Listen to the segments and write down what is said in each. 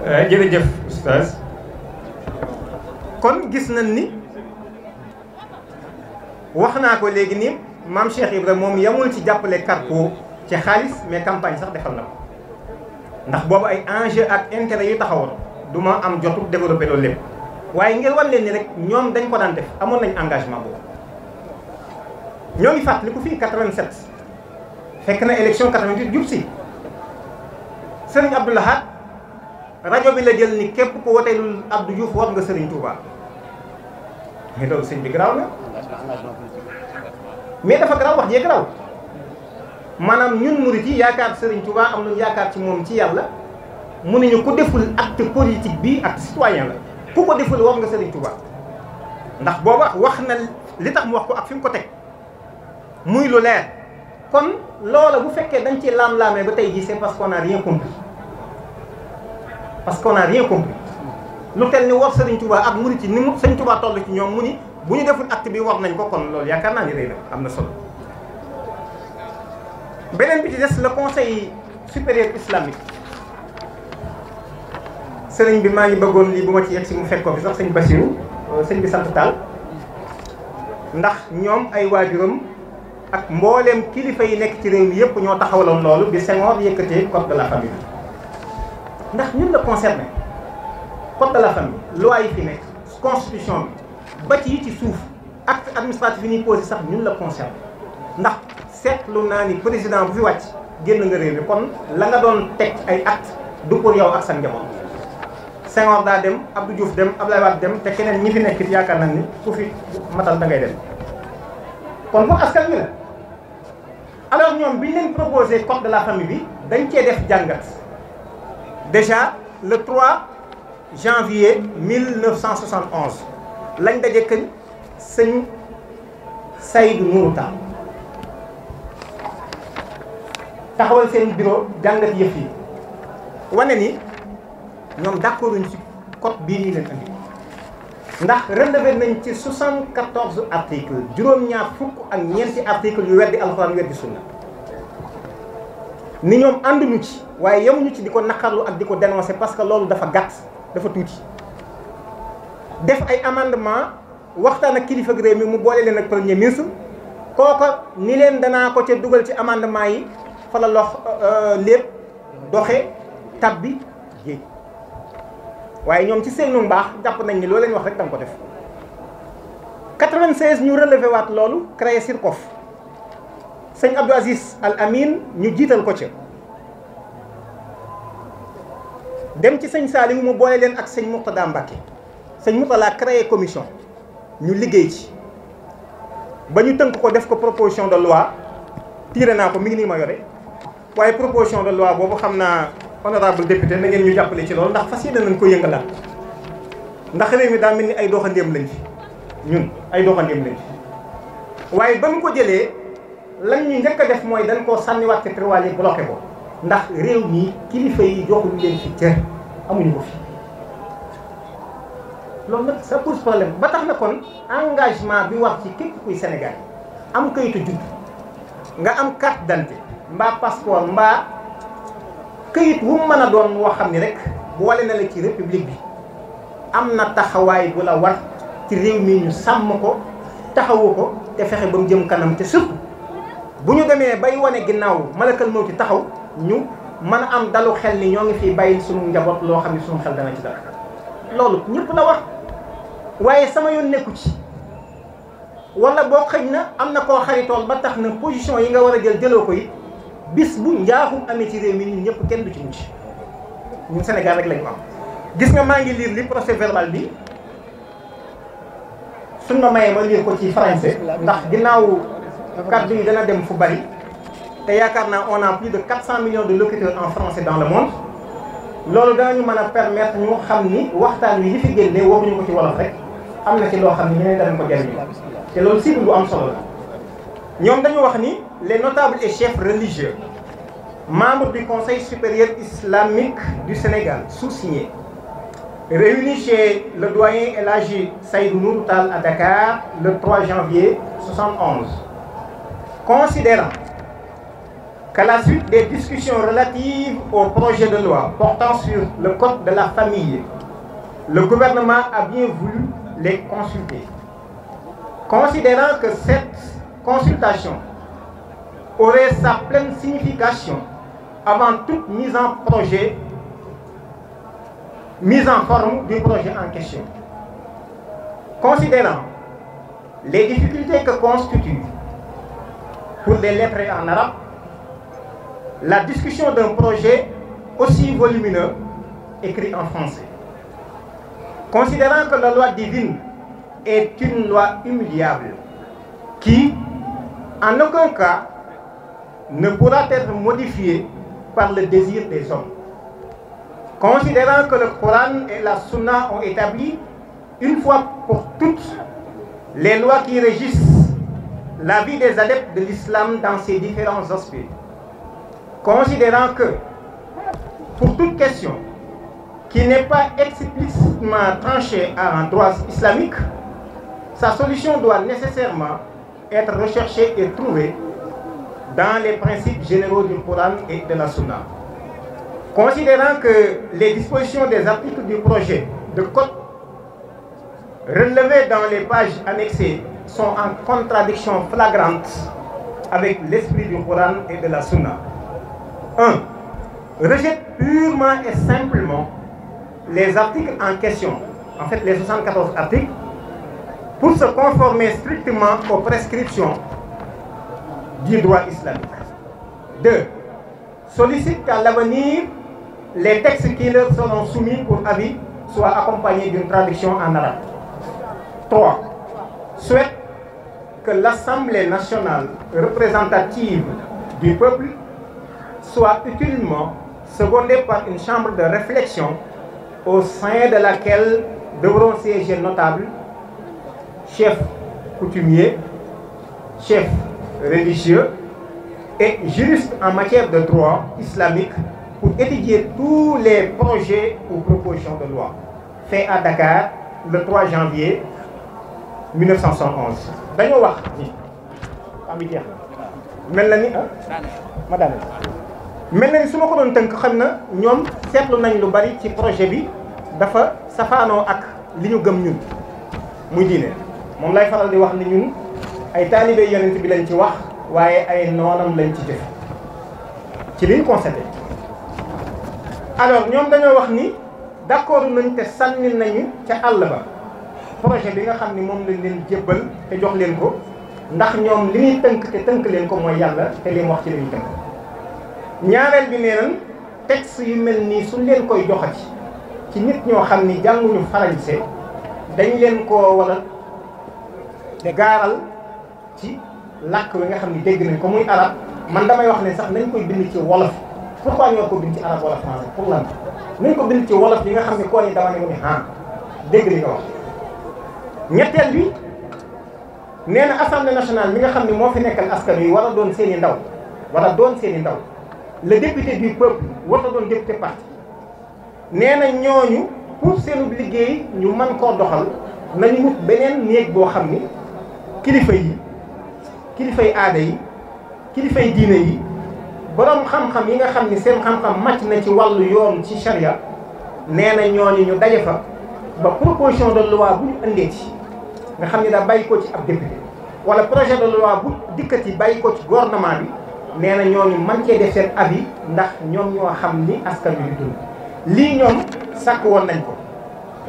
Euh, jërëjëf oustaz kon gis nañ ni wax naa ko léegi ni maam Cheikh Ibra moom yamul ci jàppale Carrefour ci xaalis mais campagne sax defal na ko ndax boobu ay enjeu ak intérêt yu taxawoon du ma am jotu développé loolu lépp waaye ngeen wan leen ni rek ñoom dañ ko daan def amoon nañu engagement boobu ñoo ngi ku fii 87 fekk na élection 88 jub si Serigne Abdou rajo bi la jël ni képp ku woteelul Abdou Diouf woot nga Serigne Touba mais sëñ bi dafa garaaw wax jee garaaw maanaam ñun murit yi yaakaar Serigne Touba am nañu yaakaar ci moom ci yàlla mu ne ñu ko deful acte politique bi acte citoyen la ku ko deful woot nga Serigne Touba ndax booba wax na li tax mu wax ko ak fi mu ko teg muy lu leer kon loola bu fekkee dañ ci laam-laamee ba tey jii c'est parce qu'on a rien compris parce naa a rien compris lu tel ni war Serigne Touba ak murit yi ni mu Serigne Touba toll ci ñoom mu ni bu ñu deful acte bi war nañ ko kon loolu yaakaar naa ni rëy na am na solo beneen bi ci des le conseil supérieur islamique sëriñ bi maa ngi bëggoon lii bu ma ci yegg si mu fekk ko fi sax sëñ Bassirou euh, sëñ bi sant Tall ndax ñoom ay waajuram ak mbooleem kilifa yi nekk ci réew mi yëpp ñoo taxawaloon loolu bi Senghor yëkkatee code de la famille. ndax ñun la concerné code de la famille loi yi fi nekk constitution bi ba ci yi ci suuf acte administratif yi ñuy posé sax ñun la concerné ndax seetlu naa ni président bu fi wàcc génn nga réew mi kon la nga doon teg ay at du pour yow ak sa njaboot Senghor daa dem Abdou Diouf dem Abdoulaye Wade dem te keneen ñi fi nekk it yaakaar nañ ni ku fi matal da ngay dem kon bu askan wi la alors ñoom biñ leen proposé code de la famille bi dañ cee def jàngat déjà le 3 janvier 1971 lañ daje kañ sëñ Seydou Nourou Tall taxawal seen bureau jàngat yëf yi wane ni ñoom d'accord ci code bii ñu leen andi ndax relevé nañ ci 74 articles juróom-ñaar fukk ak ñeenti articles yu weddi alxuraan weddi sunna ni ñoom ànduñu ci. waaye yemuñu ci di ko naqarlu ak di ko dénoncer parce que loolu dafa gàtt dafa tuuti def ay amendement waxtaan ak kilifa réew mi mu boole leen ak premier ministre kooka ni leen danaa ko ca dugal ci amendement yi fa la lox euh, euh, lépp doxe tab bi géej waaye ñoom ci seenu mbaax jàpp nañ ni loolu lañu wax rek tam ko def 96 ñu relevé waat loolu créé SIRCOF sëñ Abdou Aziz Al Amin ñu jiital ko ca. dem ci sëñ Saliou mu boole leen ak sëñ Mourtada Mbacké sëñ Mourtada créé commission ñu liggéey ci ba ñu tënk ko def ko proposition de loi tiire naa ko mi ngi nii ma yore waaye proposition de loi boobu xam naa honorable député na ngeen ñu jàppale ci loolu ndax fas yéene nañ ko yëngalaat ndax réew mi daa mel ni ay doxandéem lañ ci ñun ay doxandéem lañ fi waaye ba mu ko jëlee lan ñu njëkk a def mooy dañ koo sànniwaat ci tiroir yi bloqué ko. ndax réew mii kilifa yi joxuñu leen fi cër amuñu ko fi loolu nag ça pose problème ba tax na kon engagement bi wax ci képp kuy Sénégal am kayitu judd nga am carte d'identité mbaa passeport mbaa këyit wu mën a doon woo xam ni rek boole na la ci république bi am na taxawaay bu la war ci réew mi ñu sàmm ko taxawu ko te fexe ba mu jëm kanam te surtout bu ñu demee bay wane ginnaaw malakal mawti taxaw ñu man am dalu xel ni ñoo ngi fii bàyyi suñu njaboot loo xam ne suñu xel dana ci dara loolu ñëpp la wax waaye sama yoon nekku ci wala boo xëj na am na koo xaritool ba tax na position yi nga war a jël jëloo ko it bis bu njaaxum amee ci réew mi ñun ñëpp kenn du ci mucc ñun Sénégal rek lañu am gis nga maa ngi lire li procès verbal bi suñ ma mayee ma lire ko ci français ndax ginnaaw kàddu yi dana dem fu bari te yaakaar naa on a plus de 400 millions de locuteurs en français dans le monde loolu danañu mën a permettre ñu xam ni waxtaan wi li fi génne waxuñu ko ci wolof rek am na ci loo xam ni ñeneen danañ ko jëriñu te loolu cible bu am solo la ñoom dañu wax ni les notables et chefs religieux membres du conseil supérieur islamique du Sénégal sous-signé réunis chez le doyen El Hadji Seydou Nourou Tall à Dakar le 3 janvier 71 considérant qu'à la suite des discussions relatives au projet de loi portant sur le code de la famille, le gouvernement a bien voulu les consulter. Considérant que cette consultation aurait sa pleine signification avant toute mise en projet, mise en forme du projet en question. Considérant les difficultés que constitue pour les lettres en arabe la discussion d'un projet aussi volumineux écrit en français. Considérant que la loi divine est une loi humiliable qui, en aucun cas, ne pourra être modifiée par le désir des hommes. Considérant que le Coran et la Sunna ont établi, une fois pour toutes, les lois qui régissent la vie des adeptes de l'islam dans ses différents aspects, considérant que pour toute question qui n'est pas explicitement tranchée en droit islamique, sa solution doit nécessairement être recherchée et trouvée dans les principes généraux du Coran et de la Sunna. Considérant que les dispositions des articles du projet de code relevés dans les pages annexées sont en contradiction flagrante avec l'esprit du Coran et de la Sunna. 1. Rejette purement et simplement les articles en question, en fait les 74 articles, pour se conformer strictement aux prescriptions du droit islamique. 2. Sollicite qu'à l'avenir, les textes qui seront soumis pour avis soient accompagnés d'une traduction en arabe. 3. Souhaite que l'Assemblée nationale représentative du peuple soit utilement secondée par une chambre de réflexion au sein de laquelle devront siéger notables, chefs coutumiers, chef religieux et juristes en matière de droit islamique pour étudier tous les projets ou propositions de loi faits à Dakar le 3 janvier 1911. dañoo wax ni mel na ni su ma ko doon tënk xam na ñoom seetlu nañ lu bari ci projet bi dafa safaanoo ak li ñu gëm ñun muy diine moom lay faral di wax ni ñun ay taalibe yonent bi lañ ci wax waaye ay noonam lañ ci def ci liñ constaté alors ñoom dañoo wax ni d'accord nañ te sànni nañu ca àll ba projet bi nga xam ni moom lañ leen jébbal te jox leen ko ndax ñoom li ñuy tënk te tënk leen ko mooy yàlla te li wax ci li ñu tënk ñaareel bi nee nan yu mel nii su leen koy joxati ci nit ñoo xam ni jànguñu français dañ leen koo wala de gaaral ci làkk wi nga xam ni dégg nañ ko muy arab man damay wax ne sax nañ koy bind ci wolof pourquoi ñoo ko bind ci arab wala français pour la nañ ko bind ci wolof bi nga xam ne koo ni dama ne mu ne ah dégg li nga wax ñetteel bi nee na national nationale mi nga xam ne moo fi nekkal askan wi war doon seeni ndaw war a doon seeni ndaw le député du peuple war na doon député parti nee na ñooñu pour seenub liggéey ñu man koo doxal nañu wut beneen néeg boo xam ni kilifa yi kilifa yi aada yi kilifa yi diine yi boroom xam-xam yi nga xam ni seen xam-xam màcc na ci wàllu yoon ci charia nee na ñooñu ñu daje fa ba proposition de loi bu ñu indee ci nga xam ni daa bàyyi ko ci ab député wala projet de loi bu dikkati bàyyi ko ci gouvernement bi nee na ñooñu man cee def seen ab avis ndax ñoom ñoo xam ni askan wi dund lii ñoom sàkk woon nañ ko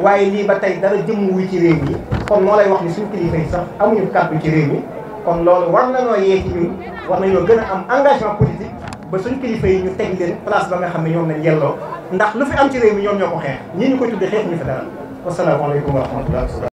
waaye lii ba tey dara jëmm wu ci réew mi kon moo lay wax ni suñu kilifa yi sax amuñu kàddu ci réew mi kon loolu war nañoo yee ci ñun war ñoo gën a am engagement politique ba suñu kilifa yi ñu teg leen place ba nga xam ne ñoom lañ yelloo ndax lu fi am ci réew mi ñoom ñoo ko xeex ñii ñu koy tuddee xeex ñu fi dara wasalaamaaleykum wa rahmatulah